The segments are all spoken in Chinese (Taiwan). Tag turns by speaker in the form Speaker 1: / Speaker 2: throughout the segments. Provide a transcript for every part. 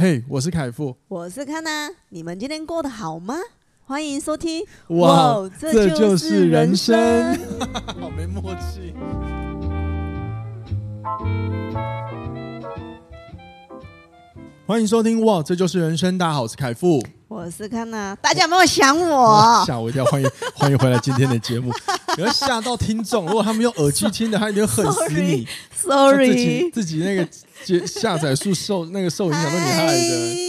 Speaker 1: 嘿、hey，我是楷富，
Speaker 2: 我是康娜，你們今天過得好嗎？歡迎收聽，哇，哇，這就是人生，
Speaker 1: 好 沒默契。歡迎收聽《哇，這就是人生》。大家好，我是凱富，
Speaker 2: 我是康娜。大家有沒有想我？嚇
Speaker 1: 我一跳！歡迎歡迎回來今天的節目，你會 嚇到聽眾。如果他們用耳機聽的，他一定恨死你。Sorry，, sorry 自己自己那個下下載數受那個受影響，都你害的。Hi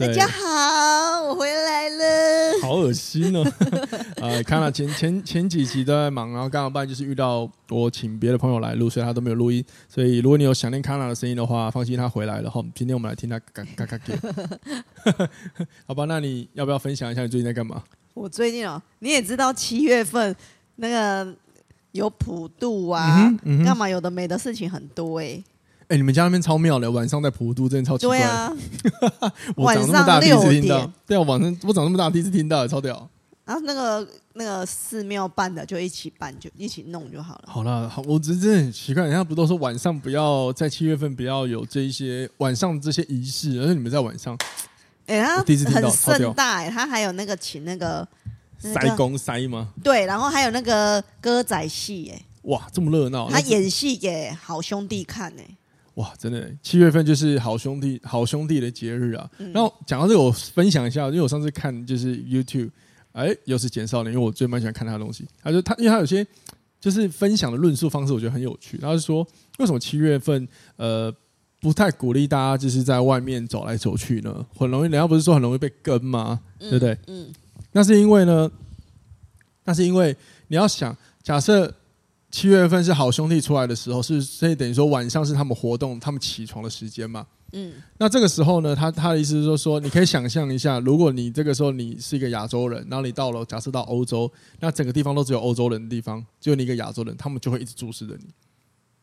Speaker 2: 大家好，我回來了。好
Speaker 1: 噁心哦、喔！ 呃，卡娜前前前幾集都在忙，然後剛好半夜就是遇到我請別的朋友來錄，所以他都沒有錄音。所以如果你有想念卡娜的聲音的話，放心，他回來了。哈，今天我們來聽他嘎嘎嘎，嘎嘎嘎嘎。 好吧，那你要不要分享一下你最近在幹嘛？
Speaker 2: 我最近哦、喔，你也知道，七月份那個有普渡啊，幹、嗯嗯、嘛有的沒的事情很多誒、欸。
Speaker 1: 哎、欸，你們家那邊超妙的，晚上在普渡真的超奇怪。對啊 我
Speaker 2: 晚上六點對我，我長那麼大第一次聽到，對
Speaker 1: 啊，我長那麼大第一次聽到，超屌。
Speaker 2: 然、啊、後那個那個寺廟辦的就一起辦，就一起，就一起弄就好
Speaker 1: 了。好了，好，我只是真的很奇怪，人家不都說晚上不要在七月份不要有這一些晚上這些儀式，而且你們在晚上，哎、欸欸，第一次聽到盛大、
Speaker 2: 欸、屌。他還有那個請那個塞、那個、公
Speaker 1: 塞嗎？
Speaker 2: 對，然後還有那個歌仔戲，哎，
Speaker 1: 哇，這麼熱鬧、嗯，他演
Speaker 2: 戲給好兄弟看、欸，哎。
Speaker 1: 哇，真的，七月份就是好兄弟好兄弟的節日啊。嗯、然後講到這個，我分享一下，因為我上次看就是 YouTube，哎，又是減少了。因為我最蠻喜歡看他的東西。他說他，因為他有些就是分享的論述方式，我覺得很有趣。他是說，為什麼七月份呃不太鼓勵大家就是在外面走來走去呢？很容易，人家不是說很容易被跟嗎、嗯？對不對？嗯，那是因為呢，那是因為你要想假設。七月份是好兄弟出來的時候，是所以等於說晚上是他們活動、他們起床的時間嘛。嗯，那這個時候呢，他他的意思就是說，說你可以想象一下，如果你這個時候你是一個亞洲人，然後你到了假設到歐洲，那整個地方都只有歐洲人的地方，只有你一個亞洲人，他們就會一直注視着你。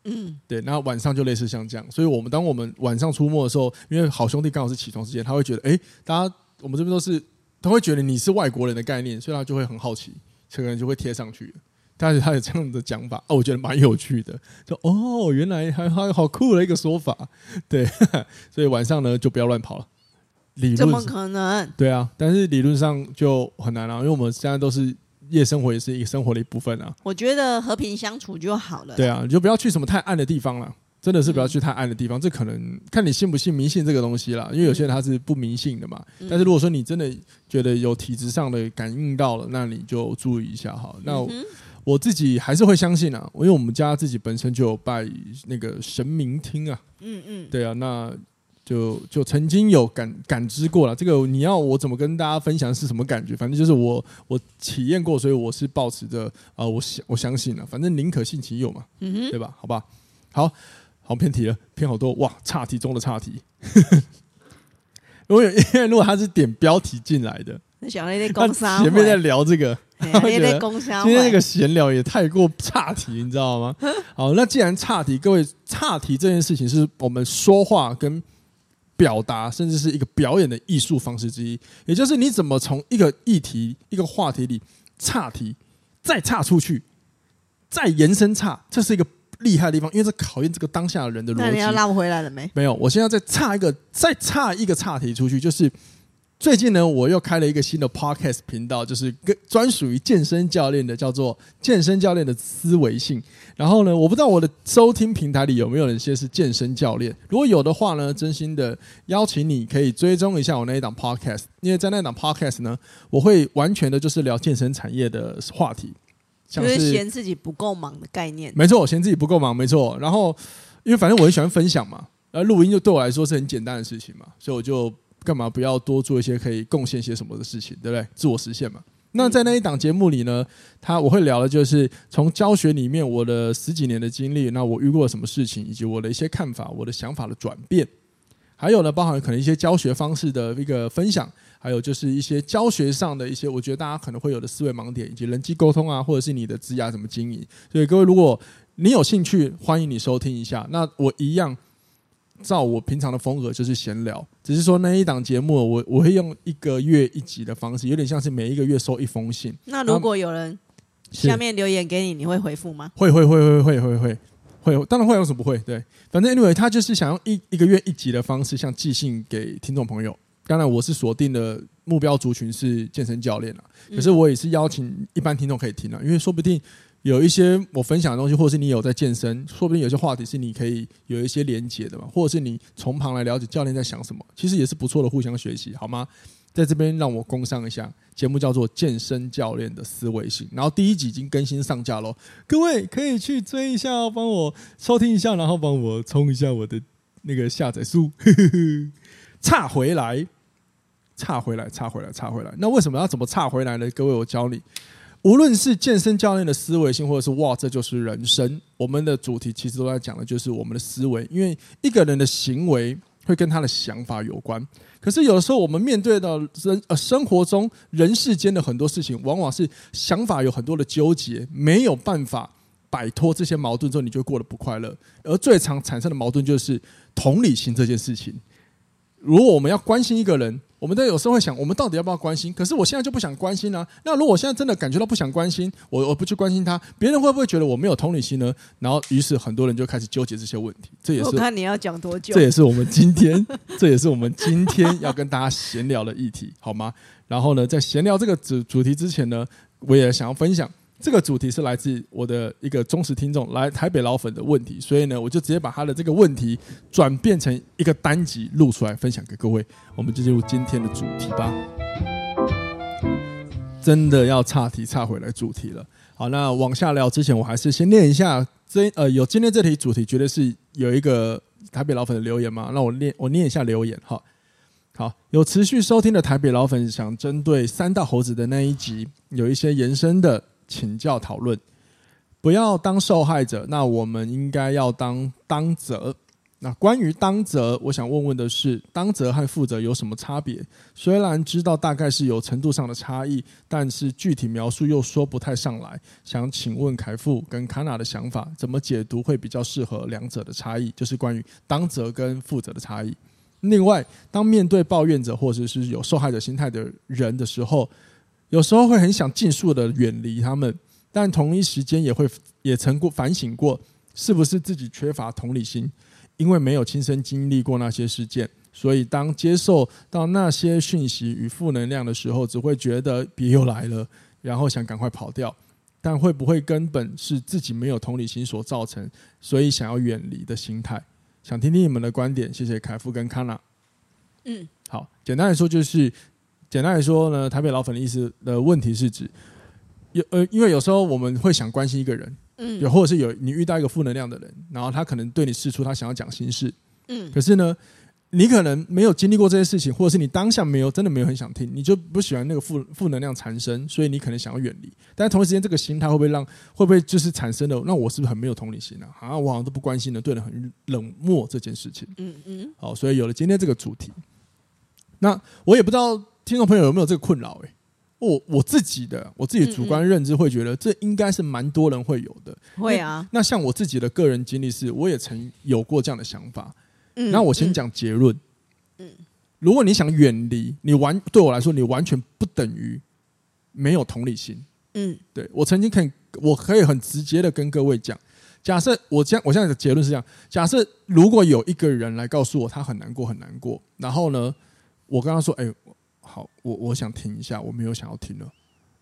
Speaker 1: 嗯，對。那晚上就類似像這樣，所以我們當我們晚上出沒的時候，因為好兄弟剛好是起床時間，他會覺得，哎，大家我們這邊都是，他會覺得你是外國人的概念，所以他就會很好奇，這個人就會貼上去但是他有這樣的講法、啊、我覺得蠻有趣的。說哦，原來還還好酷的一個說法，對。呵呵，所以晚上呢，就不要亂跑了。理論怎麼可能？對啊，但是理論上就很難了、啊，因為我們現在都是夜生活，也是一個生活的一部分啊。
Speaker 2: 我覺得和平相處就好了。對
Speaker 1: 啊，你就不要去什麼太暗的地方了、啊。真的是不要去太暗的地方，嗯、這可能看你信不信迷信這個東西啦，因為有些人他是不迷信的嘛、嗯。但是如果說你真的覺得有體質上的感應到了，那你就注意一下哈。那。嗯我自己還是會相信啊，因為我們家自己本身就有拜那個神明廳啊。嗯嗯，對啊，那就就曾經有感感知過了。這個你要我怎麼跟大家分享是什麼感覺？反正就是我我體驗過，所以我是抱持著啊、呃，我我相信了、啊。反正寧可信其有嘛，嗯哼，對吧？好吧，好好偏題了，偏好多哇，岔題中的岔題。如果有因為如果他是點標題進來的，
Speaker 2: 那前面在
Speaker 1: 聊這個。今天那個閒聊也太過岔題，你知道嗎？好，那既然岔題，各位岔題這件事情是我們說話跟表達，甚至是一個表演的藝術方式之一。也就是你怎麼從一個議題、一個話題裡岔題，再岔出去，再延伸岔，這是一個厲害的地方，因為這考驗這個當下的人的邏輯。拉
Speaker 2: 回來了沒？
Speaker 1: 沒有，我現在再岔一個，再岔一個岔題出去，就是。最近呢，我又開了一個新的 podcast 頻道，就是跟專屬於健身教練的，叫做《健身教練的思維信》。然後呢，我不知道我的收聽平台裡有沒有人先是健身教練，如果有的話呢，真心的邀請你可以追蹤一下我那一檔 podcast，因為在那檔 podcast 呢，我會完全的就是聊健身產業的話題，是就是嫌
Speaker 2: 自己不夠忙的概念，沒
Speaker 1: 錯，我嫌自己不夠忙，沒錯。然後因為反正我很喜歡分享嘛，然後錄音就對我來說是很簡單的事情嘛，所以我就。幹嘛不要多做一些可以貢獻些什麼的事情，對不對？自我實現嘛。那在那一檔節目裡呢，他我會聊的就是從教學裡面我的十幾年的經歷，那我遇過什麼事情，以及我的一些看法、我的想法的轉變，還有呢，包含可能一些教學方式的一個分享，還有就是一些教學上的一些，我覺得大家可能會有的思維盲點，以及人際溝通啊，或者是你的職涯怎麼經營。所以各位，如果你有興趣，歡迎你收聽一下。那我一樣，照我平常的風格就是閒聊，只是說那一檔節目我我會用一個月一集的方式，有點像是每一個月收一封信。
Speaker 2: 那如果有人下面留言給你，你會回復嗎？會
Speaker 1: 會會會會會會會，當然會，有什麼不會？對，反正 anyway 他就是想用一一個月一集的方式，像寄信給聽眾朋友。當然我是鎖定的目標族群是健身教練啊，嗯，可是我也是邀請一般聽眾可以聽啊，因為說不定。有一些我分享的東西，或是你有在健身，說不定有些話題是你可以有一些連接的嘛，或者是你從旁來了解教練在想什麼，其實也是不錯的，互相學習好嗎？在這邊讓我工商一下，節目叫做《健身教練的思維信》，然後第一集已經更新上架嘍，各位可以去追一下哦，幫我收聽一下，然後幫我衝一下我的那個下載數，岔 回來，岔回來，岔回來，岔回來，那為什麼要怎麼岔回來呢？各位，我教你。無論是健身教練的思維信，或者是哇，這就是人生，我們的主題其實都在講的就是我們的思維，因為一個人的行為會跟他的想法有關。可是有時候，我們面對到人呃生活中人世間的很多事情，往往是想法有很多的糾結，沒有辦法擺脫這些矛盾之後，你就過得不快樂。而最常產生的矛盾就是同理心這件事情。如果我們要關心一個人，我們都有時候會想，我們到底要不要關心？可是我現在就不想關心呢？啊？那如果我現在真的感覺到不想關心，我我不去關心他，別人會不會覺得我沒有同理心呢？然後，於是很多人就開始糾結這些問題。這也是，我看你
Speaker 2: 要講多久？這也是我們今天，
Speaker 1: 這也是我們今天要跟大家閒聊的議題，好嗎？然後呢，在閒聊這個主主題之前呢，我也想要分享。這個主題是來自我的一個忠實聽眾來台北老粉的問題，所以呢，我就直接把他的這個問題轉變成一個單集錄出來分享給各位。我們就進入今天的主題吧。真的要岔題岔回來主題了。好，那往下聊之前，我還是先念一下這呃有今天這題主題，絕對是有一個台北老粉的留言嘛。那我念我念一下留言哈。好，好，有持續收聽的台北老粉想針對三大猴子的那一集有一些延伸的請教討論，不要當受害者。那我們應該要當當責。那關於當責，我想問問的是，當責和負責有什麼差別？雖然知道大概是有程度上的差異，但是具體描述又說不太上來。想請問楷富跟卡納的想法，怎麼解讀會比較適合兩者的差異？就是關於當責跟負責的差異。另外，當面對抱怨者或者是，是有受害者心態的人的時候，有時候會很想盡速的遠離他們，但同一時間也會也曾過反省過，是不是自己缺乏同理心？因為沒有親身經歷過那些事件，所以當接受到那些訊息與負能量的時候，只會覺得別又來了，然後想趕快跑掉。但會不會根本是自己沒有同理心所造成？所以想要遠離的心態？想聽聽你們的觀點。謝謝楷富跟康納。嗯，好，簡單來說就是。簡單來說呢，台北老粉的意思的、呃、問題是指有呃，因為有時候我們會想關心一個人，嗯，有或者是有你遇到一個負能量的人，然後他可能對你示出他想要講心事，嗯，可是呢，你可能沒有經歷過這些事情，或者是你當下沒有真的沒有很想聽，你就不喜歡那個負負能量產生。所以你可能想要遠離。但同時間，這個心態會不會讓會不會就是產生了？那我是不是很沒有同理心啊？啊我好像我都不關心的，對人很冷漠這件事情。嗯嗯，好，所以有了今天這個主題，那我也不知道。聽眾朋友有沒有這個困擾、欸？哎，我我自己的我自己主觀認知會覺得這應該是蠻多人會有的、嗯。會啊。那像我自己的個人經歷是，我也曾有過這樣的想法。嗯。
Speaker 2: 那我先
Speaker 1: 講結論。嗯。嗯，如果你想遠離你完對我來說你完全不等於沒有同理心。嗯。對，我曾經可以，我可以很直接的跟各位講，假設我將我現在的結論是這樣，假設如果有一個人來告訴我他很難過很難過，然後呢，我跟他說，哎、欸。好，我我想停一下，我沒有想要停了，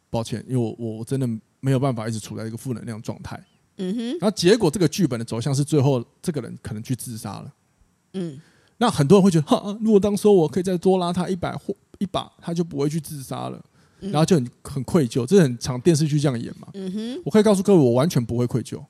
Speaker 1: 抱歉，因為我我真的沒有辦法一直處在一個負能量狀態。嗯
Speaker 2: 哼，
Speaker 1: 然後結果這個劇本的走向是最後這個人可能去自殺了。嗯，那很多人會覺得，如果當初我可以再多拉他一百或一把，一把他就不會去自殺了。嗯，然後就很很愧疚，這是很常電視劇這樣演嘛。嗯哼，我可以告訴各位，我完全不會愧疚。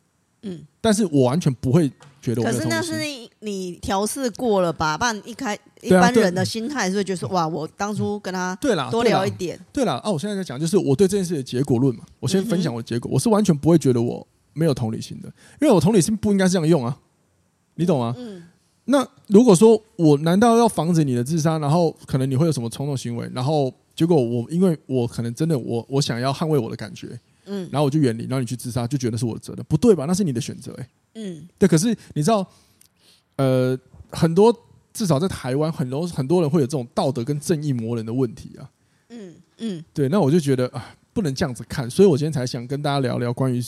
Speaker 1: 嗯，但是我完全不會覺得我。可是那是。
Speaker 2: 你調適過了吧？不然一開一般人的心態是，是會覺得說、啊、哇，我當初跟他多聊一點，
Speaker 1: 對啦啊！我現在在講就是我對這件事的結果論嘛。我先分享我的結果、嗯，我是完全不會覺得我沒有同理心的，因為我同理心不應該是這樣用啊，你懂嗎嗯？嗯。那如果說我難道要防止你的自殺，然後可能你會有什麼衝動行為，然後結果我因為我可能真的我我想要捍衛我的感覺，嗯，然後我就遠離，然後你去自殺就覺得是我責的，不對吧？那是你的選擇哎、欸，嗯。對，可是你知道？呃，很多至少在台灣，很多很多人會有這種道德跟正義魔人的問題啊。嗯嗯，對，那我就覺得啊，不能這樣子看，所以我今天才想跟大家聊聊關於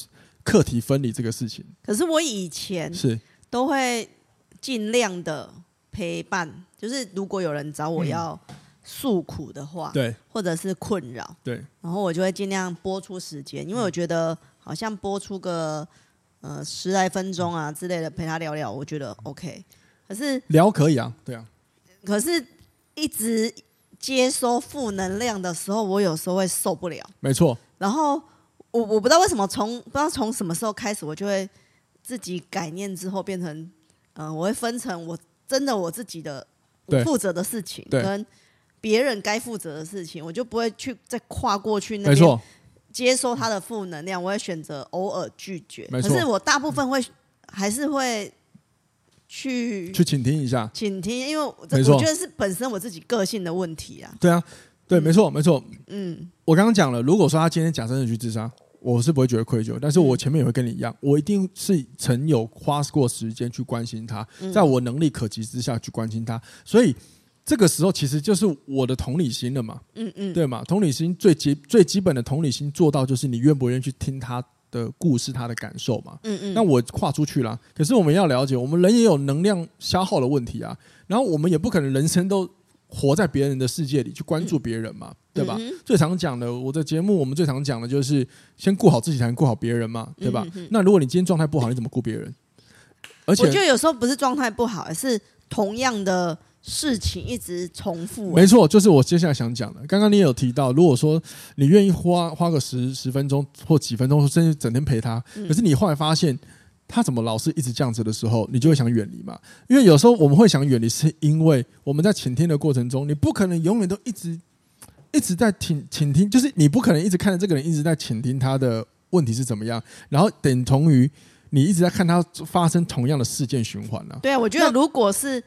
Speaker 1: 課題分離這個事情。
Speaker 2: 可是我以前是都會儘量的陪伴，就是如果有人找我要訴苦的話，對、嗯，或者是困擾，對，然後我就會儘量撥出時間，因為我覺得好像撥出個。呃，十來分鐘啊，之類的陪他聊聊，我覺得 OK。可是
Speaker 1: 聊可以啊，對啊。
Speaker 2: 可是，一直接收負能量的時候，我有時候會受不了。沒錯。然後我我不知道為什麼從，從不知道從什麼時候開始，我就會自己改念之後變成，嗯、呃，我會分成我真的我自己的負責的事情，對，跟別人該負責的事情，我就不會去再跨過去那邊。沒錯。接收他的負能量，我也選擇偶爾拒絕，可是我大部分會、嗯、還是會去去
Speaker 1: 傾聽一下，傾
Speaker 2: 聽，因為我覺得是本身我自己個性的問題啊。
Speaker 1: 對啊，對，沒、嗯、錯，沒錯。嗯，
Speaker 2: 我
Speaker 1: 剛剛講了，如果說他今天假設的去自殺，我是不會覺得愧疚，但是我前面也會跟你一樣，我一定是曾有花過時間去關心他、嗯，在我能力可及之下去關心他，所以，這個時候其實就是我的同理心了嘛，嗯嗯，對嘛，同理心最基最基本的同理心做到就是你願不願意去聽他的故事，他的感受嘛，嗯嗯。那我跨出去了，可是我們要了解，我們人也有能量消耗的問題啊。然後我們也不可能人生都活在別人的世界裡去關注別人嘛，嗯，對吧？嗯。最常講的，我的節目我們最常講的就是先顧好自己才能顧好別人嘛，對吧？嗯。那如果你今天狀態不好，你怎麼顧別人？嗯。而且我覺得有
Speaker 2: 時候不是狀態不好，而是同樣的。事情一直重
Speaker 1: 複，欸，沒錯，就是我接下來想講的。剛剛你也有提到，如果說你願意花花個十十分鐘或幾分鐘，甚至整天陪他，嗯、可是你後來發現他怎麼老是一直這樣子的時候，你就會想遠離嘛。因為有時候我們會想遠離，是因為我們在傾聽的過程中，你不可能永遠都一直一直在傾傾聽，就是你不可能一直看着這個人一直在傾聽他的問題是怎麼樣，然後等同於你一直在看他發生同樣的事件循環呢、啊。
Speaker 2: 對啊，我覺得如果是。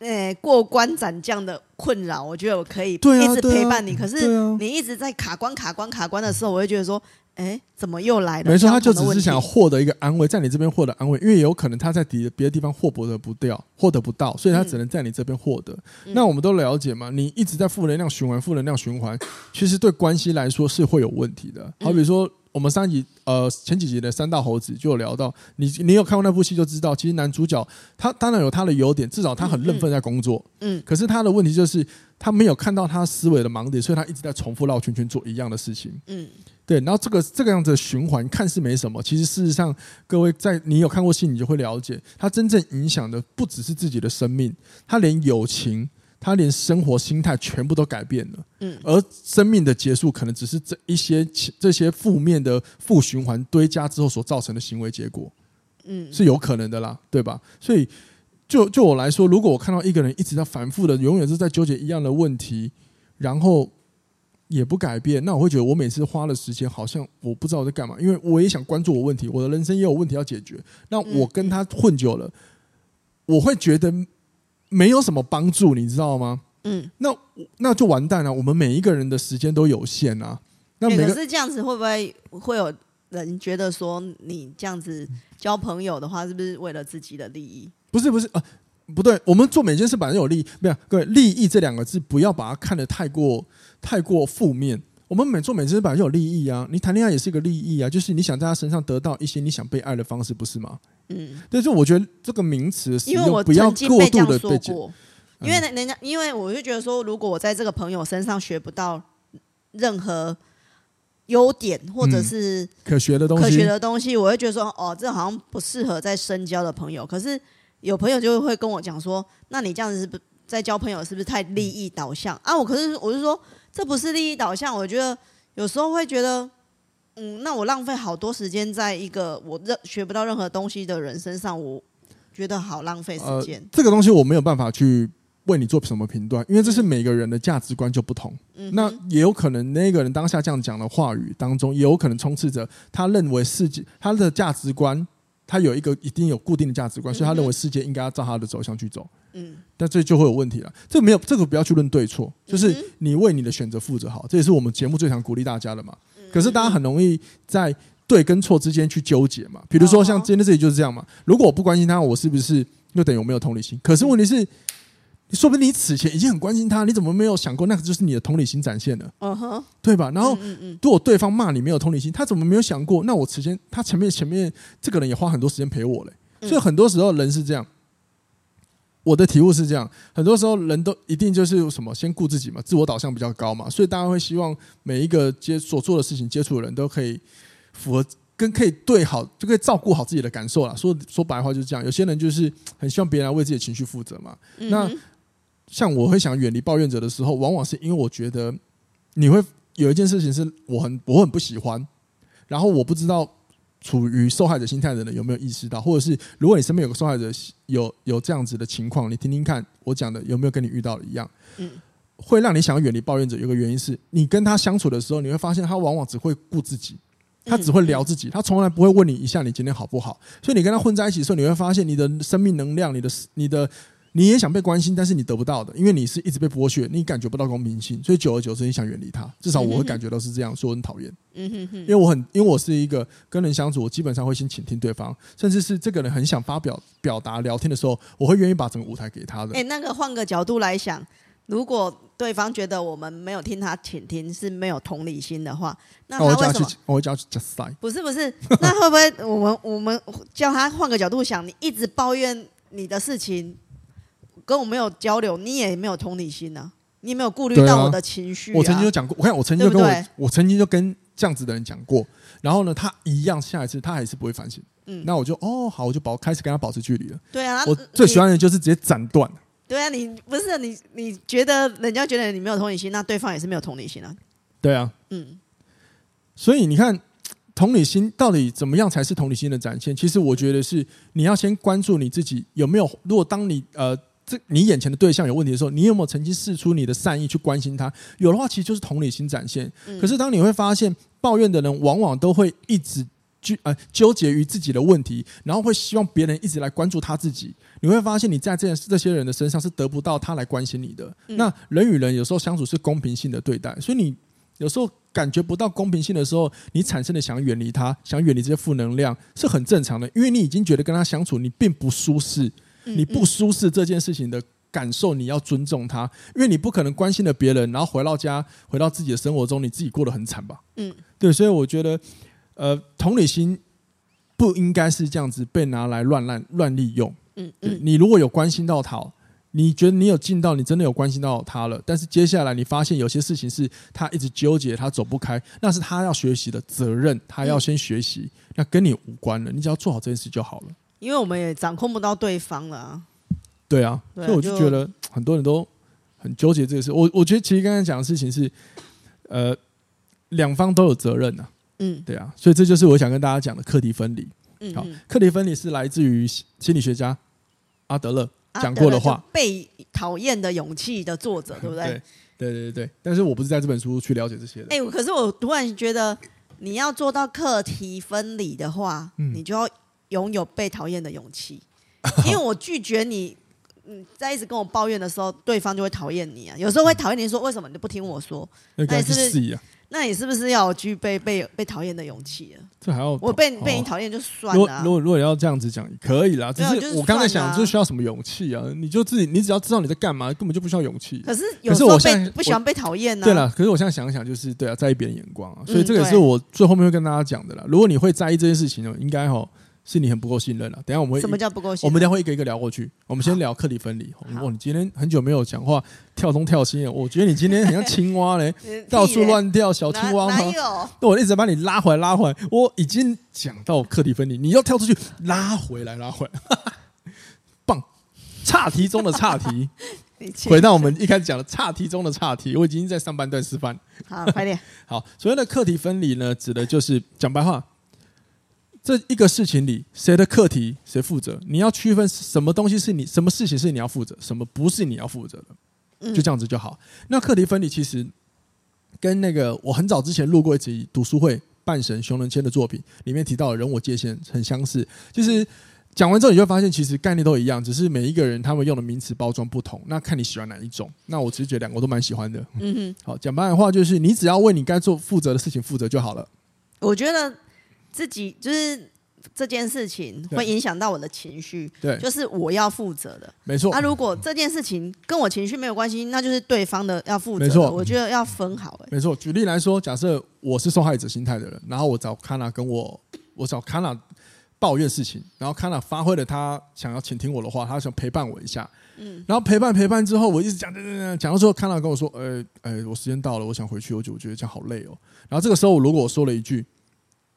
Speaker 2: 呃，過關斬將的困擾，我覺得我可以一直陪伴你。啊啊、可是你一直在卡關、卡關、卡關的時候、啊，我會覺得說，哎，怎麼又來了？沒錯，他就只是想獲
Speaker 1: 得一個安慰，在你這邊獲得安慰，因為有可能他在別的別的地方獲得不掉、獲得不到，所以他只能在你這邊獲得。嗯、那我們都了解嘛？你一直在負能量循環、負能量循環，其實對關係來說是會有問題的。嗯、好比說。我們上一集，呃，前幾集的三大猴子就有聊到，你你有看過那部戲就知道，其實男主角他當然有他的優點，至少他很認份在工作，嗯，嗯，可是他的問題就是他沒有看到他思維的盲點，所以他一直在重複繞圈圈做一樣的事情，嗯，對，然後這個這個樣子的循環看似沒什麼，其實事實上，各位在你有看過戲，你就會了解，他真正影響的不只是自己的生命，他連友情。他連生活心態全部都改變了，嗯，而生命的結束可能只是這一些這些負面的負循環堆加之後所造成的行為結果，嗯，是有可能的啦，對吧？所以，就就我來說，如果我看到一個人一直在反覆的，永遠是在糾結一樣的問題，然後也不改變，那我會覺得我每次花了時間，好像我不知道我在幹嘛，因為我也想關注我問題，我的人生也有問題要解決。那我跟他混久了，嗯，我會覺得。沒有什麼幫助，你知道嗎？嗯，那那就完蛋了啊。我們每一個人的時間都有限啊。那每可是
Speaker 2: 這樣子，會不會會有人覺得說，你這樣子交朋友的話，是不是為了自己的利益？
Speaker 1: 不是，不是啊，呃，不對。我們做每件事本身有利益，沒有，對各位，利益這兩個字，不要把它看得太過太過負面。我們每做每事本來就有利益啊，你談戀愛也是一個利益啊，就是你想在他身上得到一些你想被愛的方式，不是嗎？嗯，但是我覺得這個名詞，因為我曾經被這樣說過的、嗯，
Speaker 2: 因為人家，因為我就覺得說，如果我在這個朋友身上學不到任何優點或者是、
Speaker 1: 嗯、可學的東西，可學的
Speaker 2: 東西，我就覺得說，哦，這好像不適合再深交的朋友。可是有朋友就會跟我講說，那你這樣子是不是在交朋友是不是太利益導向、嗯、啊？我可是我就說。這不是利益導向，我覺得有時候會覺得，嗯，那我浪費好多時間在一個我認學不到任何東西的人身上，我覺得好浪費時間。呃、
Speaker 1: 這個東西我沒有辦法去為你做什麼評斷，因為這是每個人的價值觀就不同。嗯、那也有可能那個人當下這樣講的話語當中，也有可能充斥着他認為世界他的價值觀。他有一個一，定有固定的價值觀，嗯，所以他認為世界應該要照他的走向去走。嗯，但這就會有問題了。這沒有，這個不要去論對錯，就是你為你的選擇負責好，這也是我們節目最想鼓勵大家的嘛。嗯，可是大家很容易在對跟錯之間去糾結嘛。比如說像今天這裡就是這樣嘛。如果我不關心他，我是不是又等於我沒有同理心？可是問題是。嗯你說不定你此前已經很關心他，你怎麼沒有想過？那個就是你的同理心展現的，uh -huh. 對吧？然後，如果對方罵你沒有同理心，他怎麼沒有想過？那我此前他前面前面這個人也花很多時間陪我嘞、欸，uh -huh. 所以很多時候人是這樣。我的體悟是這樣：很多時候人都一定就是什麼先顧自己嘛，自我導向比較高嘛，所以大家會希望每一個接所做的事情、接觸的人都可以符合跟可以對好，就可以照顧好自己的感受啦。說說白話就是這樣，有些人就是很希望別人來為自己的情緒負責嘛。Uh -huh. 那像我會想遠離抱怨者的時候，往往是因為我覺得你會有一件事情是我很我很不喜歡，然後我不知道處於受害者心態的人有沒有意識到，或者是如果你身邊有個受害者有有這樣子的情況，你聽聽看我講的有沒有跟你遇到的一樣，嗯，會讓你想要遠離抱怨者。有個原因是你跟他相處的時候，你會發現他往往只會顧自己，他只會聊自己，他從來不會問你一下你今天好不好。所以你跟他混在一起的時候，你會發現你的生命能量，你的你的。你也想被關心，但是你得不到的，因為你是一直被剝削，你感覺不到公平性，所以久而久之，你想遠離他。至少我會感覺到是這樣，說、嗯。很討厭。嗯哼哼，因為我很，因為我是一個跟人相處，我基本上會先傾聽對方，甚至是這個人很想發表表達聊天的時候，我會願意把整個舞台給他的。誒、欸，那
Speaker 2: 個換個角度來想，如果對方覺得我們沒有聽他傾聽是沒有同理心的話，那他為什麼、
Speaker 1: 啊、我會叫他 just i
Speaker 2: 不是，不是，那會不會我們 我們叫他換個角度想？你一直抱怨你的事情。跟我沒有交流，你也沒有同理心呢、啊？你也沒有顧慮到我的情緒、啊啊？我曾經有講過，我看我曾經就跟我對對
Speaker 1: 我曾經就跟這樣子的人講過，然後呢，他一樣，下一次他還是不會反省。嗯，那我就哦，好，我就保開始跟他保持距離了。對啊，我最喜歡的就是直接斬斷。對
Speaker 2: 啊，你不是你你覺得人家覺得你沒有同理心，那對方也是沒有同理心啊。
Speaker 1: 對啊，嗯，所以你看，同理心到底怎麼樣才是同理心的展現？其實我覺得是你要先關注你自己有沒有。如果當你呃。這你眼前的對象有問題的時候，你有沒有曾經釋出你的善意去關心他？有的話，其實就是同理心展現。嗯、可是當你會發現，抱怨的人往往都會一直糾呃糾結於自己的問題，然後會希望別人一直來關注他自己。你會發現，你在這件這些人的身上是得不到他來關心你的、嗯。那人與人有時候相處是公平性的對待，所以你有時候感覺不到公平性的時候，你產生的想遠離他，想遠離這些負能量是很正常的，因為你已經覺得跟他相處你並不舒適。嗯嗯，你不舒適這件事情的感受，你要尊重他，因為你不可能關心了別人，然後回到家，回到自己的生活中，你自己過得很慘吧？嗯，對，所以我覺得，呃，同理心不應該是這樣子被拿來亂亂、亂利用。嗯嗯，你如果有關心到他，你覺得你有盡到，你真的有關心到他了，但是接下來你發現有些事情是他一直糾結，他走不開，那是他要學習的責任，他要先學習，嗯、那跟你無關了，你只要做好這件事就好了。
Speaker 2: 因為我們也掌控不到對方了
Speaker 1: 啊，對啊，所以我就覺得很多人都很糾結這個事。我我覺得其實剛剛講的事情是，呃，兩方都有責任吶、啊。嗯，對啊，所以這就是我想跟大家講的課題分離。嗯，好，嗯嗯、課題分離是來自於心理學家阿德勒講過的話，《
Speaker 2: 被討厭的勇氣》的作者，對不對？
Speaker 1: 對對對對，但是我不是在這本書去了解這些的。哎、欸，可
Speaker 2: 是我突然覺得，你要做到課題分離的話，嗯、你就要。擁有被討厭的勇氣，因為我拒絕你，嗯，在一直跟我抱怨的時候，對方就會討厭你啊。有時候會討厭你說，說為什麼你不聽我說？那是不是？那你是不是要具備被被討厭的勇氣啊？
Speaker 1: 這還要我被被你討
Speaker 2: 厭就算了、啊哦。如
Speaker 1: 果如果要這樣子講，可以啦。就是我剛才想，就需要什麼勇氣啊？你就自己，你只要知道你在幹嘛，根本就不需要勇氣。可是有時候被是我被不喜歡被
Speaker 2: 討厭呢。對啦，
Speaker 1: 可是我現在想想，就是對啊，在意別人眼光啊。所以這個也是我最後面會跟大家講的啦、嗯。如果你會在意這件事情哦，應該哦。是你很不夠信任了，啊。等下我們會，什麼叫不夠信任？我們等下會一個一個聊過去。我們先聊課題分離。如果你今天很久沒有講話，跳東跳西了，我覺得你今天很像青蛙嘞， 到處亂跳小青蛙嗎？那我一直把你拉回來，拉回來。我已經講到課題分離，你要跳出去，拉回來，拉回來。 棒！岔題中的岔題， 回到我們一開始講的岔題中的岔題。我已經在上半段示範。好，快點。 好，所謂的課題分離呢，指的就是講白話。這一個事情裡，誰的課題誰負責？你要區分什麼東西是你，什麼事情是你要負責，什麼不是你要負責的，嗯、就這樣子就好。那課題分離其實跟那個我很早之前錄過一集讀書會，半神熊仁謙的作品裡面提到的人我界限很相似，就是講完之後你就會發現其實概念都一樣，只是每一個人他們用的名詞包裝不同。那看你喜歡哪一種？那我其實覺得兩個我都蠻喜歡的。嗯哼，好，講白話就是你只要為你該做負責的事情負責就好了。
Speaker 2: 我覺得。自己就是這件事情會影響到我的情緒，對，對就是我要負責的，沒錯。那、啊、如果這件事情跟我情緒沒有關係，那就是對方的要負責，沒錯。我覺得要分好、
Speaker 1: 欸，哎，沒錯。舉例來說，假設我是受害者心態的人，然後我找 Kana 跟我，我找 Kana 抱怨事情，然後 Kana 發揮了他想要傾聽我的話，他想陪伴我一下，嗯，然後陪伴陪伴之後，我一直講，講、嗯，講到，之後 Kana 跟我說，呃、哎，呃、哎，我時間到了，我想回去，我覺我覺得這樣好累哦。然後這個時候，如果我說了一句。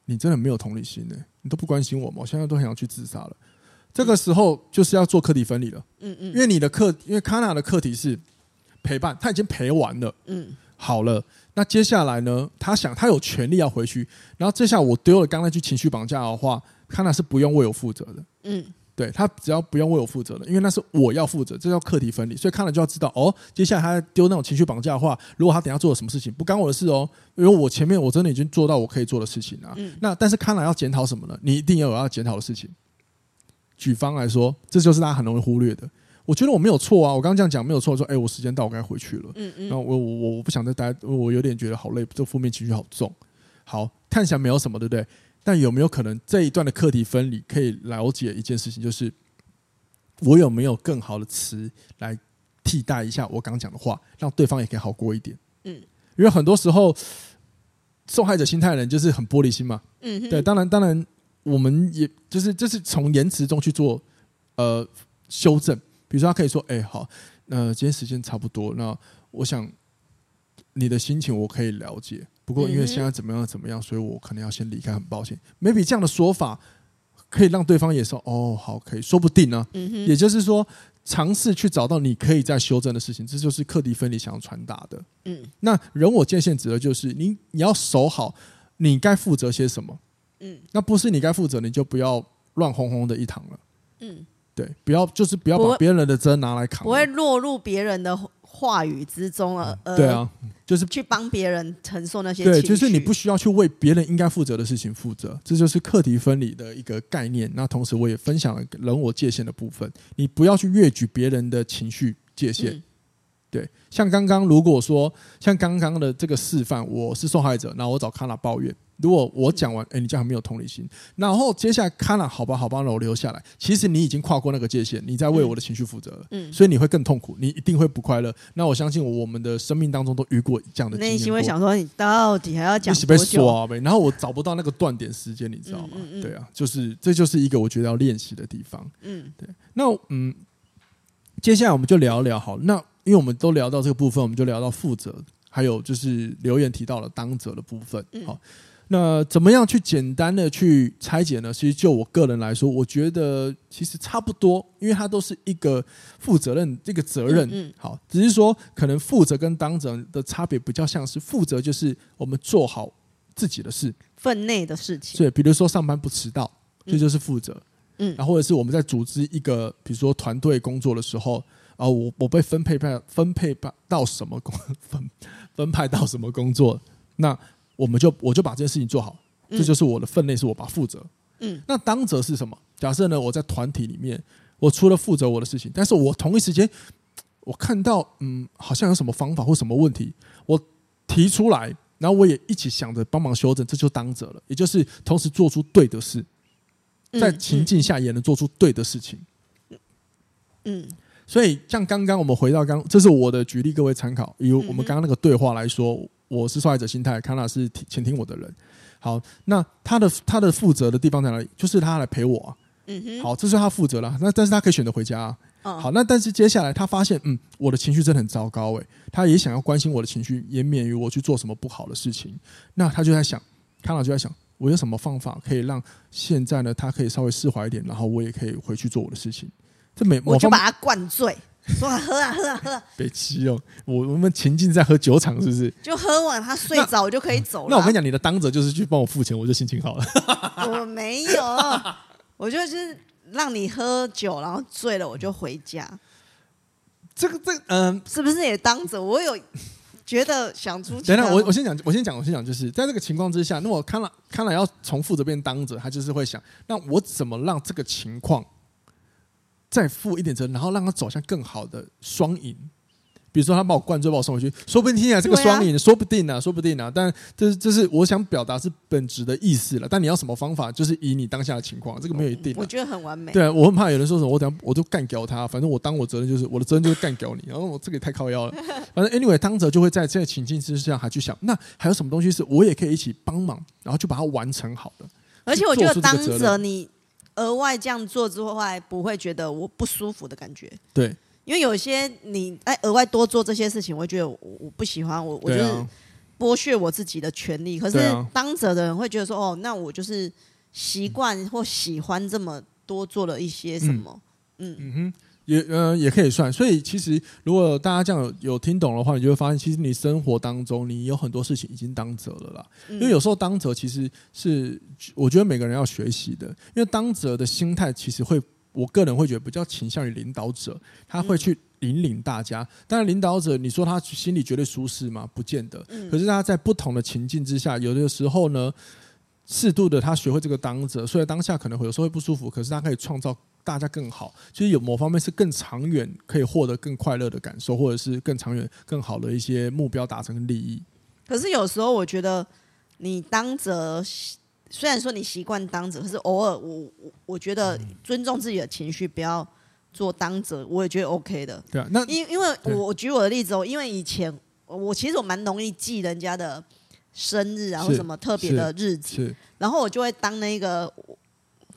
Speaker 1: 你真的沒有同理心呢、欸？你都不關心我嗎？我現在都很想去自殺了、嗯。這個時候就是要做課題分離了、嗯。嗯、因為你的課，因為卡娜的課題是陪伴，他已經陪完了、嗯。好了，那接下來呢？他想，他有權利要回去。然後這下我丟了剛才去情緒綁架的話，卡娜是不用為我負責的。嗯。對，他只要不用為我負責了，因為那是我要負責，這叫課題分離。所以看了就要知道哦，接下來他丟那種情緒綁架的話，如果他等下做了什麼事情，不關我的事哦，因為我前面我真的已經做到我可以做的事情啊。嗯、那但是看來要檢討什麼呢？你一定要有要檢討的事情。舉方來說，這就是大家很容易忽略的。我覺得我沒有錯啊，我剛剛這樣講沒有錯，說哎，我時間到，我該回去了。嗯嗯。那我我我不想再待，我有點覺得好累，這負面情緒好重。好，看起來沒有什麼，對不對？但有沒有可能這一段的課題分離可以了解一件事情，就是我有沒有更好的詞來替代一下我剛講的話，讓對方也可以好過一點？嗯，因為很多時候受害者心態的人就是很玻璃心嘛。嗯，對，當然，當然，我們也就是就是從言辭中去做呃修正，比如說他可以說：“哎、欸，好，那、呃、今天時間差不多，那我想你的心情我可以了解。”不過，因為現在怎麼樣怎麼樣、嗯、怎麼樣，所以我可能要先離開，很抱歉。Maybe 這樣的說法可以讓對方也說：“哦，好，可以說不定呢、啊。嗯”也就是說，嘗試去找到你可以再修正的事情，這就是課題分離想要傳達的。嗯。那人我界限指的就是你，你要守好你該負責些什麼。嗯。那不是你該負責，你就不要亂哄哄的一堂
Speaker 2: 了。
Speaker 1: 嗯。對，不要就是不要把別人的針拿來扛，
Speaker 2: 不會，不會落入別人的。話語之中呃、嗯，對啊，就是去幫別人承受那些情緒。對，就是
Speaker 1: 你不需要去為別人應該負責的事情負責，這就是課題分離的一個概念。那同時，我也分享了人我界限的部分，你不要去越舉別人的情緒界限。嗯、對，像剛剛如果說，像剛剛的這個示範，我是受害者，那我找卡拉抱怨。如果我講完，哎、嗯，欸，你這樣沒有同理心，然後接下來看了，啊，好吧，好吧，那我留下來。其實你已經跨過那個界限，你在為我的情緒負責了。嗯，所以你會更痛苦，你一定會不快樂。那我相信，我們的生命當中都遇過這樣的。內心會想說，
Speaker 2: 你到底還要講多久
Speaker 1: 你？然後我找不到那個斷點時間，你知道嗎？嗯嗯嗯、對啊，就是這就是一個我覺得要練習的地方。嗯，對。那嗯，接下來我們就聊一聊好了。那因為我們都聊到這個部分，我們就聊到負責，還有就是留言提到了當責的部分。好。嗯那怎麼樣去簡單的去拆解呢？其實就我個人來說，我覺得其實差不多，因為它都是一個負責任，這個責任嗯。嗯。好，只是說可能負責跟當責的差別比較像是負責就是我們做好自己的事，
Speaker 2: 份內的事情。
Speaker 1: 對，比如說上班不遲到，這就，就是負責。嗯。嗯，然後或者是我們在組織一個比如說團隊工作的時候，啊、呃，我我被分配派分配到什麼工分，分派到什麼工作，那。我們就我就把這件事情做好，嗯、這就是我的分內，是我把負責。嗯，那當責是什麼？假設呢？我在團體裡面，我除了負責我的事情，但是我同一時間，我看到嗯，好像有什麼方法或什麼問題，我提出來，然後我也一起想着幫忙修正，這就當責了。也就是同時做出對的事，在情境下也能做出對的事情。嗯，嗯，所以像剛剛我們回到剛，這是我的舉例，各位參考。以我們剛剛那個對話來說。嗯嗯我是受害者心態，康納是傾聽我的人。好，那他的他的負責的地方在哪裡？就是他來陪我、啊。嗯好，這是他負責了、啊。那但是他可以選擇回家、啊。嗯。好，那但是接下來他發現，嗯，我的情緒真的很糟糕、欸。哎，他也想要關心我的情緒，也免於我去做什麼不好的事情。那他就在想，康納就在想，我有什麼方法可以讓現在呢，他可以稍微釋懷一點，然後我也可以回去做我的事情。這沒我就把他
Speaker 2: 灌醉。說喝啊喝啊
Speaker 1: 喝啊！別急哦，我我們情境在喝酒場是不是？
Speaker 2: 就喝完他睡着，我就可以走了。那，那我跟你
Speaker 1: 講，你的當責就是去幫我付錢，我就心情好了。
Speaker 2: 我沒有，我就是讓你喝酒，然後醉了我就回家。
Speaker 1: 這個這嗯、個呃，
Speaker 2: 是不是也當責我有覺得想出？等一下，我我
Speaker 1: 先講，我先講，我先講，就是在這個情況之下，那我看了看了要從負責變當責，他就是會想，那我怎麼讓這個情況？再負一點責任，然後讓他走向更好的雙贏。比如說，他把我灌醉，把我送回去，說不定聽起來這個雙贏、啊，說不定呢、啊，說不定呢、啊。但這是這是我想表達是本質的意思了。但你要什麼方法，就是以你當下的情況，這個沒有一定、哦。我覺得
Speaker 2: 很完美。對啊，
Speaker 1: 我很怕有人說什麼，我等下我都幹掉他。反正我當我責任就是我的責任就是幹掉你。 然後我這個也太靠腰了。反正 anyway，當責就會在這個情境之下還去想，那還有什麼東西是我也可以一起幫忙，然後就把它完成好的。而且我覺得當責你。
Speaker 2: 額外這樣做之後，後來不會覺得我不舒服的感覺。對，因為有些你哎，額外多做這些事情，我會覺得我我不喜歡，我、啊、我就剝削我自己的權利。可是當責的人會覺得說，哦，那我就是習慣或喜歡這麼多做了一些什麼，嗯。
Speaker 1: 嗯嗯也嗯、呃、也可以算，所以其實如果大家這樣有，有聽懂的話，你就會發現，其實你生活當中你有很多事情已經當責了啦。嗯。因為有時候當責其實是我覺得每個人要學習的，因為當責的心態其實會，我個人會覺得比較傾向於領導者，他會去引領，領大家。嗯。但是領導者，你說他心裡絕對舒適嗎？不見得。可是他在不同的情境之下，有的時候呢，適度的他學會這個當責，所以當下可能會有時候會不舒服，可是他可以創造。大家更好，其實有某方面是更長遠，可以獲得更快樂的感受，或者是更長遠、更好的一些目標達成利益。
Speaker 2: 可是有時候我覺得，你當責雖然說你習慣當責，可是偶爾我我我覺得尊重自己的情緒，嗯，不要做當責，我也覺得 OK 的。對啊，那因因為我，我舉我的例子哦，因為以前我其實我蠻容易記人家的生日啊，然後什麼特別的日子，然後我就會當那個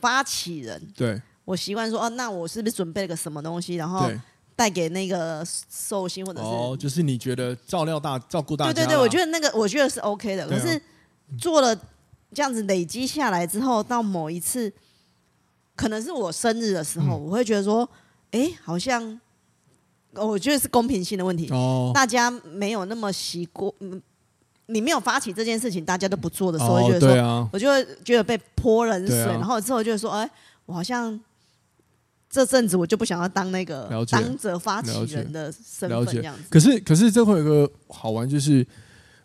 Speaker 2: 發起人。對。我習慣說哦、啊，那我是不是準備了個什麼東西，然後帶給那個壽星或者是
Speaker 1: 哦，就是你覺得照料大照顧大家，對對對，我覺
Speaker 2: 得那個我覺得是 OK 的。可是做了這樣子累積下來之後，到某一次可能是我生日的時候，嗯、我會覺得說，哎、欸，好像我覺得是公平性的問題哦，大家沒有那麼習慣，你沒有發起這件事情，大家都不做的時候，哦、會覺得說，對啊、我就會覺得被潑冷水，然後之後就會說，哎、欸，我好像。這陣子我就不想要當那個當責發起人的身份這樣子，了了了了了了可
Speaker 1: 是可是，這會有個好玩就是，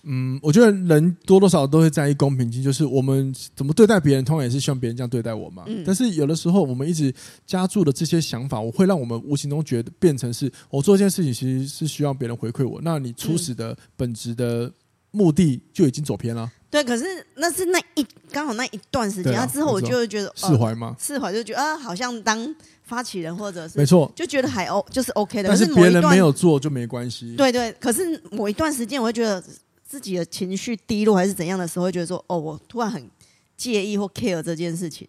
Speaker 1: 嗯，我覺得人多多少少都會在意公平性，就是我們怎麼對待別人，通常也是希望別人這樣對待我嘛、嗯。但是有的時候我們一直加注的這些想法，我會讓我們無形中覺得變成是我做這件事情其實是希望別人回饋我。那你初始的本質的目的就已經走偏了。嗯、
Speaker 2: 對，可是那是那一剛好那一段時間、啊，那之後我就會覺得釋懷嗎、呃？釋懷就覺得、呃、好像當。發起人或者是沒錯，就覺得還 O 就是 O、OK、K 的，但是別人，人沒有
Speaker 1: 做就沒關係。對，
Speaker 2: 對對，可是某一段時間我會覺得自己的情緒低落還是怎樣的時候，會覺得說哦，我突然很介意或 care 這件事情，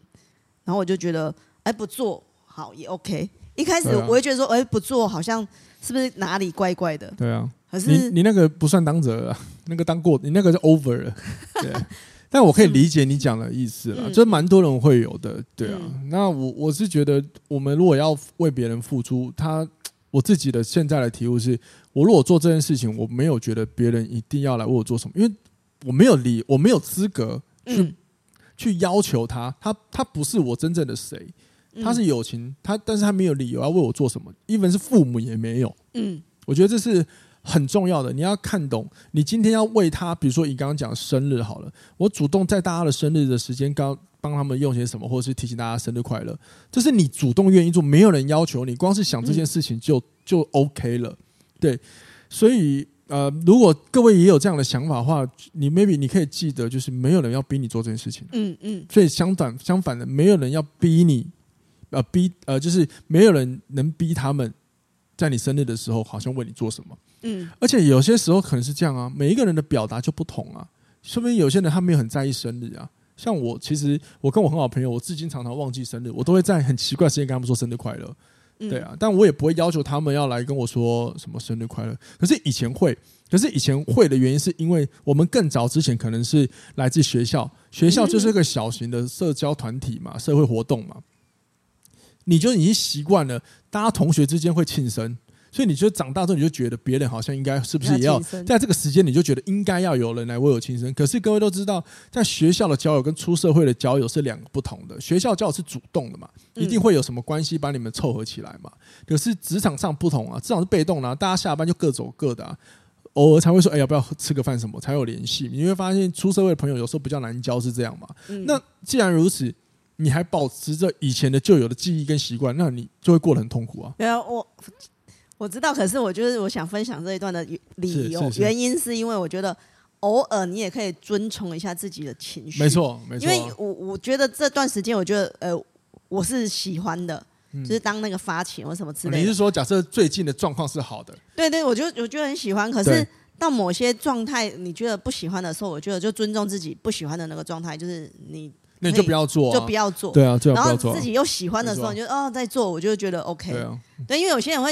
Speaker 2: 然後我就覺得哎、欸，不做好也 O、OK、K。一開始我會覺得說哎、啊欸，不做好像是不是哪裡怪怪的？對啊，可是你，你那
Speaker 1: 個不算當責啊，那個當過，你那個是 over 了。 對但我可以理解你講的意思了，這、嗯、蠻多人會有的，對啊。嗯、那我我是覺得，我們如果要為別人付出，他我自己的現在的體悟是，我如果做這件事情，我沒有覺得別人一定要來為我做什麼，因為我沒有理，我沒有資格去、嗯、去要求他，他他不是我真正的誰、嗯，
Speaker 2: 他是友
Speaker 1: 情，他但是他沒有理由要為我做什麼，Even 是父母也沒有，嗯，我覺得這是。很重要的，你要看懂。你今天要為他，比如說你剛剛講生日好了，我主動在大家的生日的時間，剛幫他們用些什麼，或者是提醒大家生日快樂，這是你主動願意做，沒有人要求你，光是想這件事情就、嗯、就 OK 了，對。所以呃，如果各位也有這樣的想法的話，你 maybe 你可以記得，就是沒有人要逼你做這件事情，嗯嗯。所以相反相反的，沒有人要逼你，呃逼呃就是沒有人能逼他們，在你生日的時候，好像為你做什麼。嗯，而且有些時候可能是這樣啊，每一個人的表達就不同啊，說不定有些人他沒有很在意生日啊。像我，其實我跟我很好朋友，我至今常常忘記生日，我都會在很奇怪的時間跟他們說生日快樂。嗯，對啊，但我也不會要求他們要來跟我說什麼生日快樂。可是以前會，可是以前會的原因是因為我們更早之前可能是來自學校，學校就是一個小型的社交團體嘛，社會活動嘛，你就已經習慣了，大家同學之間會慶生。所以你覺得長大之後你就覺得別人好像應該，是不是也要在這個時間，你就覺得應該要有人來為我慶生？可是各位都知道，在學校的交友跟出社會的交友是兩個不同的。學校交友是主動的嘛，一定會有什麼關係把你們湊合起來嘛。可是職場上不同啊，職場是被動的、啊，大家下班就各走各的、啊，偶爾才會說哎、欸、要不要吃個飯什麼才有聯繫。你會發現出社會的朋友有時候比較難交，是這樣嘛？那既然如此，你還保持着以前的舊有的記憶跟習慣，那你就會過得很痛苦啊。
Speaker 2: 沒有我。我知道，可是我就是我想分享這一段的理由原因是因為我覺得偶爾你也可以遵從一下自己的情緒，沒錯，沒錯、啊。因為我我覺得這段時間我覺得呃我是喜歡的、嗯，就是當那個發情或什麼之類的。哦、你是
Speaker 1: 說假設最近的狀況是好的？
Speaker 2: 對對，我就我就很喜歡。可是到某些狀態你覺得不喜歡的時候，我覺得就尊重自己不喜歡的那個狀態，就是你
Speaker 1: 那就不要做、啊，就不要做。對啊，就要不要做，然後自己又喜歡的時候，你就哦
Speaker 2: 再做，我就覺得 OK。對啊，嗯、對，因為有些人會。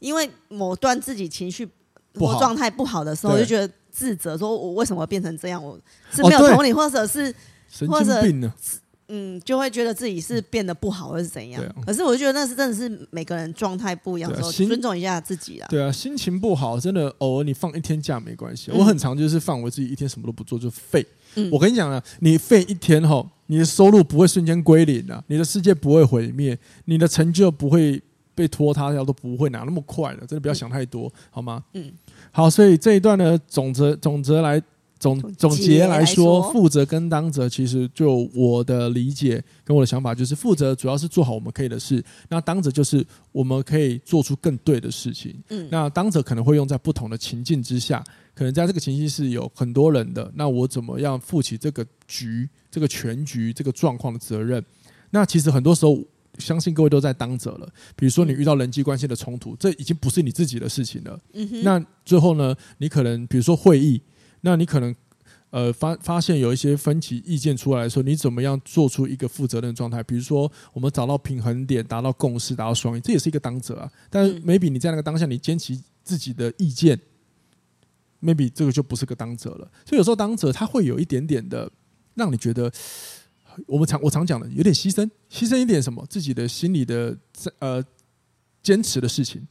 Speaker 2: 因為某段自己情緒或狀態不好的時候，我就覺得自責，說我為什麼變成這樣？我是沒有同理，或者是，或者嗯，就會覺得自己是變得不好，或者是怎樣。可是我就覺得那是真的是每個人狀態不一樣的時候，尊重一下自己
Speaker 1: 的啊。對啊，心情不好，真的偶爾你放一天假沒關係。我很常就是放我自己一天什麼都不做就廢。我跟你講啊，你廢一天後你的收入不會瞬間歸零的啊，你的世界不會毀滅，你的成就不會。被拖沓掉都不會拿那麼快的，真的不要想太多，嗯、好嗎？嗯，好，所以這一段呢，總則總則來總總結來說，負責跟當責其實就我的理解跟我的想法，就是負責主要是做好我們可以的事，那當責就是我們可以做出更對的事情。嗯，那當責可能會用在不同的情境之下，可能在這個情境是有很多人的，那我怎麼樣負起這個局、這個全局、這個狀況的責任？那其實很多時候。相信各位都在當責了。比如說，你遇到人際關係的衝突，這已經不是你自己的事情了。嗯、那最後呢，你可能比如說會議，那你可能呃發發現有一些分歧意見出來的時候，你怎麼樣做出一個負責任的狀態？比如說，我們找到平衡點，達到共識，達到雙贏，這也是一個當責啊。但是，maybe 你在那個當下，你堅持自己的意見、嗯、，maybe 這個就不是個當責了。所以有時候當責，他會有一點點的讓你覺得。我們常，我常講的有點犧牲，犧牲一點什麼自己的心裡的呃堅持的事情。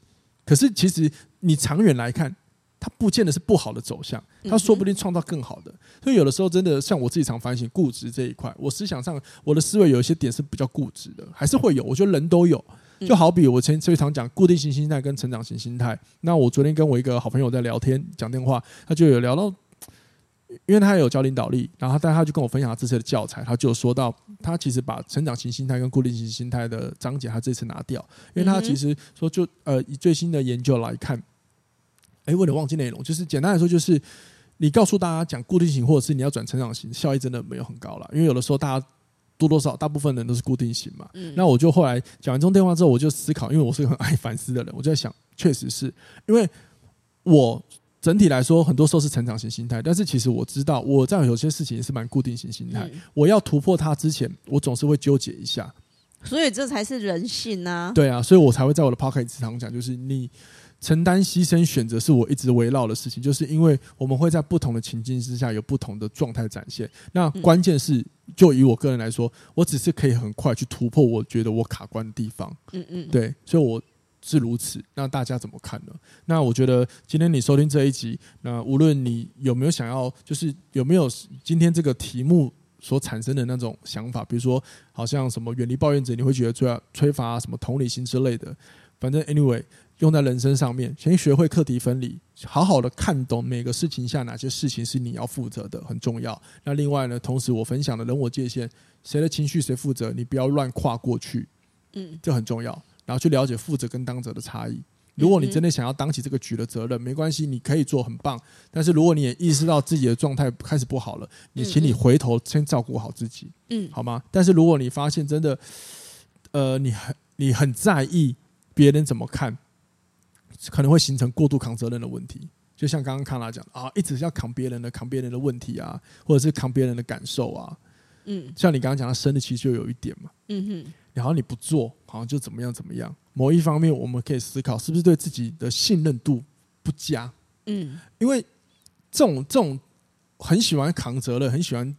Speaker 1: 可是其實你長遠來看，它不見得是不好的走向，它說不定創造更好的。嗯、所以有的時候真的像我自己常反省固執這一塊，我思想上我的思維有一些點是比較固執的，還是會有。我覺得人都有，嗯、就好比我前最常講固定型心態跟成長型心態。那我昨天跟我一個好朋友在聊天講電話，他就有聊到。因為他有教領導力，然後他但他就跟我分享他這次的教材，他就說到，他其實把成長型心態跟固定型心態的章節他這次拿掉，因為他其實說就呃以最新的研究來看，哎，我有點忘記內容，就是簡單來說就是你告訴大家講固定型或者是你要轉成長型，效益真的沒有很高了，因為有的時候大家多多少大部分人都是固定型嘛，嗯、那我就後來講完這通電話之後，我就思考，因為我是個很愛反思的人，我就在想，確實是因為我。整體來說，很多時候是成長型心態，但是其實我知道我在有些事情是蠻固定型心態，嗯。我要突破它之前，我總是會糾結一下，
Speaker 2: 所以這才是人性啊。對
Speaker 1: 啊，所以我才會在我的 podcast 時常講，就是你承擔犧牲選擇是我一直圍繞的事情，就是因為我們會在不同的情境之下有不同的狀態展現。那關鍵是，就以我個人來說，我只是可以很快去突破我覺得我卡關的地方。嗯嗯，對，所以，我。是如此，那大家怎麼看呢？那我覺得今天你收聽這一集，那無論你有沒有想要，就是有沒有今天這個題目所產生的那種想法，比如說好像什麼遠離抱怨者，你會覺得最缺乏啊，什麼同理心之類的。反正 anyway，用在人生上面，先學會課題分離，好好的看懂每個事情下哪些事情是你要負責的，很重要。那另外呢，同時我分享的人我界限，誰的情緒誰負責，你不要亂跨過去，嗯，這很重要。然後去了解負責跟當責的差異。
Speaker 2: 如果你真的
Speaker 1: 想要當起這個局的責任，沒關係，你可以做很棒。但是如果你也意識到自己的狀態開始不好了，也請你回頭先照顧好自己，嗯，好嗎？但是如果你發現真的，呃，你很你很在意別人怎麼看，可能會形成過度扛責任的問題。就像剛剛康拉講啊，一直要扛別人的扛別人的問題啊，或者是扛別人的感受啊，嗯，像你剛剛講的，生的其實就有一點嘛，嗯哼。然後你不做，好像就怎麼樣怎麼樣。某一方面，我們可以思考是不是對自己的信任度不佳。嗯，因為這種這種很喜歡扛責任、很喜歡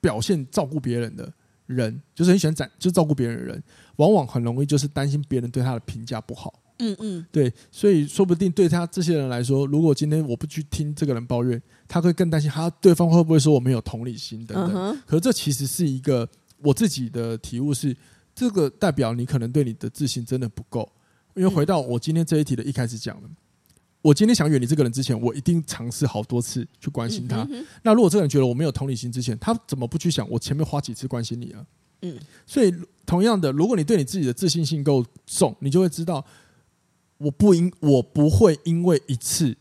Speaker 1: 表現、照顧別人的人，就是很喜歡展，就照顧別人的人，往往很容易就是擔心別人對他的評價不好。嗯嗯，對，所以說不定對他這些人來說，如果今天我不去聽這個人抱怨，他會更擔心，他對方會不會說我沒有同理心等等。可是這其實是一個我自己的體悟是。這個代表你可能對你的自信真的不夠，因為回到我今天這一題的一開始講了，我今天想遠離這個人之前，我一定嘗試好多次去關心他。那如果這個人覺得我沒有同理心之前，他怎麼不去想我前面花幾次關心你啊？嗯，所以同樣的，如果你對你自己的自信心夠重，你就會知道，我不因我不會因為一次。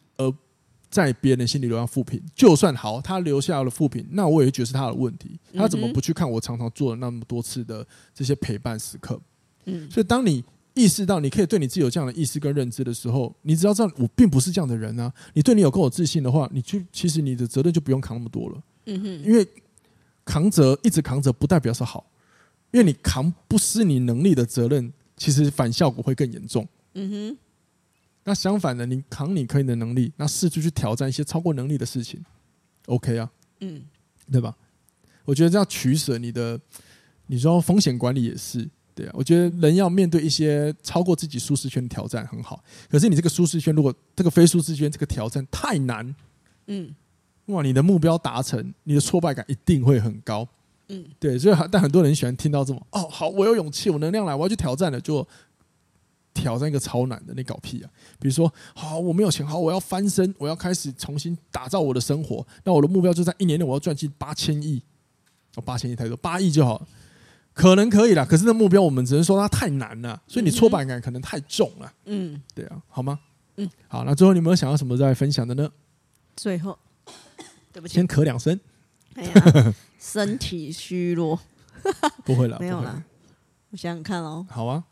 Speaker 1: 在別人的心裡留下負評，就算好，他留下了負評，那我也覺得是他的問題。嗯、他怎麼不去看我，常常做了那麼多次的這些陪伴時刻。嗯，所以當你意識到你可以對你自己有這樣的意識跟認知的時候，你只要知道我並不是這樣的人啊。你對你有夠，有自信的話，你去，其實你的責任就不用扛那麼多了。嗯、因為扛責一直扛責不代表是好，因為你扛不失你能力的責任，其實反效果會更嚴重。嗯哼。那相反的，你扛你可以的能力，那試出去挑戰一些超過能力的事情，OK 啊，嗯，對吧？我覺得這樣取捨你的，你說風險管理也是對啊。我覺得人要面對一些超過自己舒適圈的挑戰很好，可是你這個舒適圈，如果這個非舒適圈，這個挑戰太難，嗯，哇，你的目標達成，你的挫敗感一定會很高，嗯，對，所以但很多人喜歡聽到這種哦，好，我有勇氣，我能量來，我要去挑戰了，就。挑戰一個超難的，你、那個、搞屁啊！比如說，好，我沒有錢，好，我要翻身，我要開始重新打造我的生活。那我的目標就在一年內，我要賺進八千億。哦，八千億太多，八億就好，可能可以了。可是那目標，我們只能說它太難了，所以你挫敗感可能太重了。嗯，對啊，好嗎？嗯，好。那最後你們有想要什麼再分享的呢？
Speaker 2: 最後，對不起，先咳兩聲。哎呀， 身體虛弱，不會了， 沒有了。我想想看哦。好啊。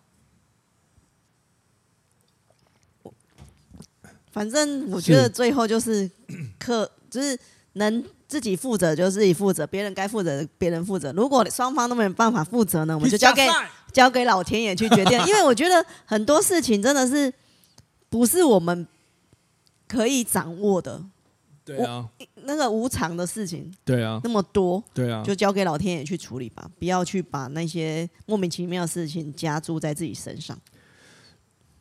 Speaker 2: 反正我覺得最後就是可，可就是能自己負責就自己負責，別人該負責的別人負責。如果雙方都沒有辦法負責呢，我們就交給交給老天爺去決定。 因為我覺得很多事情真的是不是我們可以掌握的。
Speaker 1: 對
Speaker 2: 啊，那個無常的事情，對啊，那麼多，對啊，就交給老天爺去處理吧。不要去把那些莫名其妙的事情加注在自己身上。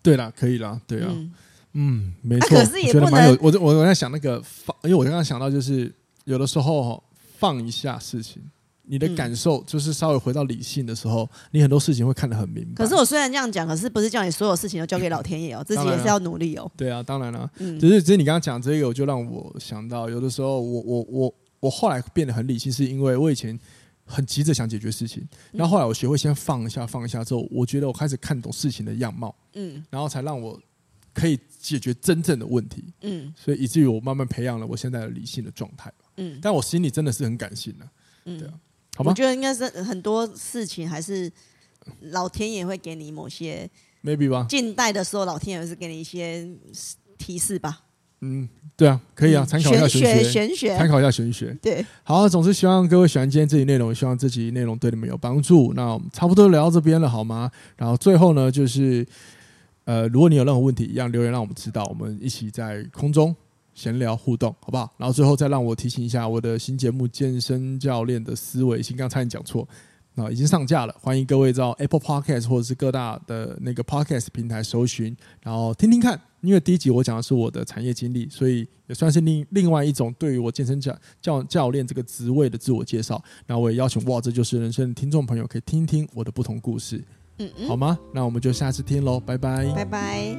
Speaker 1: 對啦，可以啦，對啊。嗯嗯，沒錯，啊、可是也不能我覺得我我我在想那個放，因為我剛剛想到，就是有的時候、哦、放一下事情，你的感受就是稍微回到理性的時候，你很多事情會看得很明白。
Speaker 2: 可是我雖然這樣講，可是不是叫你所有事情都交給老天爺哦，啊、自己也是要努
Speaker 1: 力哦。對啊，當然了、啊。只是只是你剛剛講這個，我就讓我想到，有的時候我我我我後來變得很理性，是因為我以前很急着想解決事情，然後後來我學會先放一下，放一下之後，我覺得我開始看懂事情的樣貌。嗯，然後才讓我。可以解決真正的問題，嗯，所以以至於我慢慢培養了我現在的理性的狀態吧，嗯，但我心裡真的是很感性的、啊，嗯，對啊，好嗎？我覺得
Speaker 2: 應該是很多事情還是老天爺會給你某些 maybe 吧。近代的時候，老天爺是給你一些提示吧，嗯，
Speaker 1: 對啊，可以啊，參、嗯、考一下玄學，玄學，參考一下玄學，對。好、啊，總之希望各位喜歡今天這集內容，希望這集內容對你們有幫助。那我們差不多聊到這邊了，好嗎？然後最後呢，就是。呃，如果你有任何問題，一樣留言讓我們知道，我們一起在空中閒聊互動，好不好？然後最後再讓我提醒一下，我的新節目《健身教練的思維》，信剛才你講錯，那已經上架了，歡迎各位到 Apple Podcast 或者是各大的那個 Podcast 平台搜尋，然後聽聽看。因為第一集我講的是我的產業經歷，所以也算是另另外一種對於我健身教教教練這個職位的自我介紹。然後我也邀請哇，這就是人生的聽眾朋友，可以聽一聽我的不同故事。嗯嗯好嗎？那我們就下次聽嘍，拜拜，拜
Speaker 2: 拜。